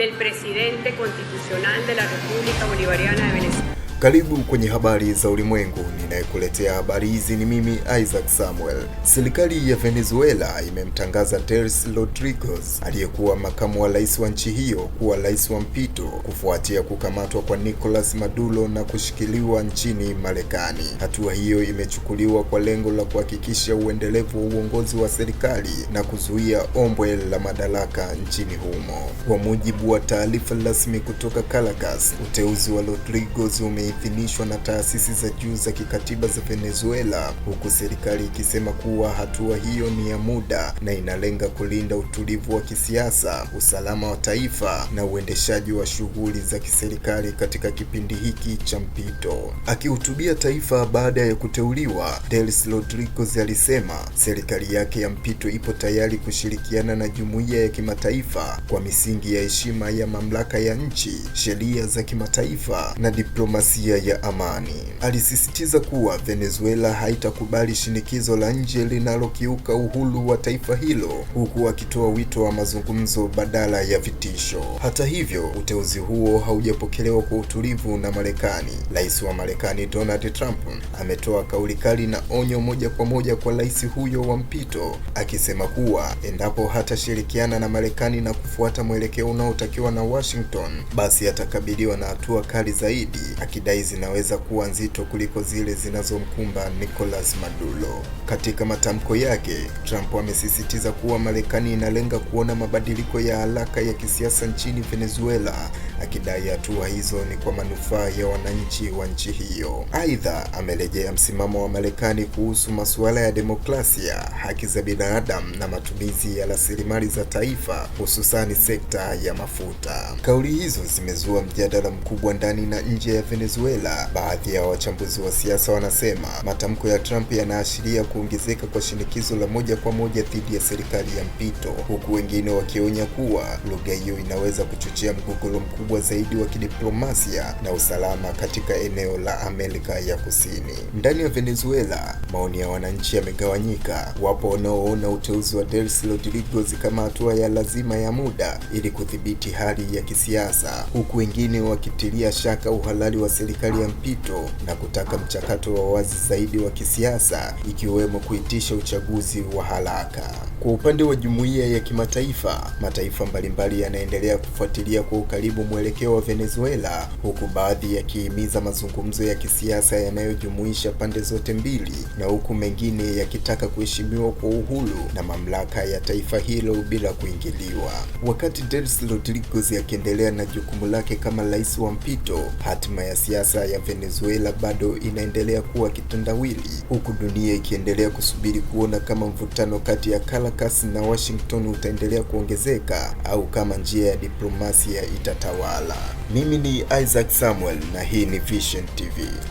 del presidente constitucional de la República Bolivariana de Venezuela. Karibu kwenye habari za ulimwengu. Ninayekuletea habari hizi ni mimi Isaac Samuel. Serikali ya Venezuela imemtangaza Teres Rodriguez aliyekuwa makamu wa rais wa nchi hiyo kuwa rais wa mpito kufuatia kukamatwa kwa Nicolas Maduro na kushikiliwa nchini Marekani. Hatua hiyo imechukuliwa kwa lengo la kuhakikisha uendelevu wa uongozi wa serikali na kuzuia ombwe la madaraka nchini humo. Kwa mujibu wa taarifa rasmi kutoka Caracas, uteuzi wa Rodriguez ume imeidhinishwa na taasisi za juu za kikatiba za Venezuela, huku serikali ikisema kuwa hatua hiyo ni ya muda na inalenga kulinda utulivu wa kisiasa, usalama wa taifa na uendeshaji wa shughuli za kiserikali katika kipindi hiki cha mpito. Akihutubia taifa baada ya kuteuliwa, Delcy Rodriguez alisema serikali yake ya mpito ipo tayari kushirikiana na jumuiya ya kimataifa kwa misingi ya heshima ya mamlaka ya nchi, sheria za kimataifa na diplomasia hisia ya amani. Alisisitiza kuwa Venezuela haitakubali shinikizo la nje linalokiuka uhuru wa taifa hilo, huku akitoa wito wa mazungumzo badala ya vitisho. Hata hivyo, uteuzi huo haujapokelewa kwa utulivu na Marekani. Rais wa Marekani Donald Trump ametoa kauli kali na onyo moja kwa moja kwa rais huyo wa mpito, akisema kuwa endapo hatashirikiana na Marekani na kufuata mwelekeo unaotakiwa na Washington, basi atakabiliwa na hatua kali zaidi akidai madai zinaweza kuwa nzito kuliko zile zinazomkumba Nicolas Maduro. Katika matamko yake, Trump amesisitiza kuwa Marekani inalenga kuona mabadiliko ya haraka ya kisiasa nchini Venezuela, akidai hatua hizo ni kwa manufaa ya wananchi wa nchi hiyo. Aidha, amerejea msimamo wa Marekani kuhusu masuala ya demokrasia, haki za binadamu na matumizi ya rasilimali za taifa, hususani sekta ya mafuta. Kauli hizo zimezua mjadala mkubwa ndani na nje ya Venezuela Venezuela. Baadhi ya wachambuzi wa siasa wanasema matamko ya Trump yanaashiria kuongezeka kwa shinikizo la moja kwa moja dhidi ya serikali ya mpito, huku wengine wakionya kuwa lugha hiyo inaweza kuchochea mgogoro mkubwa zaidi wa kidiplomasia na usalama katika eneo la Amerika ya Kusini. Ndani ya Venezuela, maoni ya wananchi yamegawanyika. Wapo wanaoona uteuzi wa Delcy Rodriguez kama hatua ya lazima ya muda ili kudhibiti hali ya kisiasa, huku wengine wakitilia shaka uhalali wa serikali serikali ya mpito na kutaka mchakato wa wazi zaidi wa kisiasa ikiwemo kuitisha uchaguzi wa haraka. Kwa upande wa jumuiya ya kimataifa, mataifa mbalimbali yanaendelea kufuatilia kwa ukaribu mwelekeo wa Venezuela, huku baadhi yakihimiza mazungumzo ya kisiasa yanayojumuisha pande zote mbili na huku mengine yakitaka kuheshimiwa kwa uhuru na mamlaka ya taifa hilo bila kuingiliwa. Wakati Delcy Rodriguez akiendelea na jukumu lake kama rais wa mpito, hatima ya siasa ya Venezuela bado inaendelea kuwa kitendawili, huku dunia ikiendelea kusubiri kuona kama mvutano kati ya Caracas na Washington utaendelea kuongezeka au kama njia ya diplomasia itatawala. Mimi ni Isaac Samuel na hii ni Vision TV.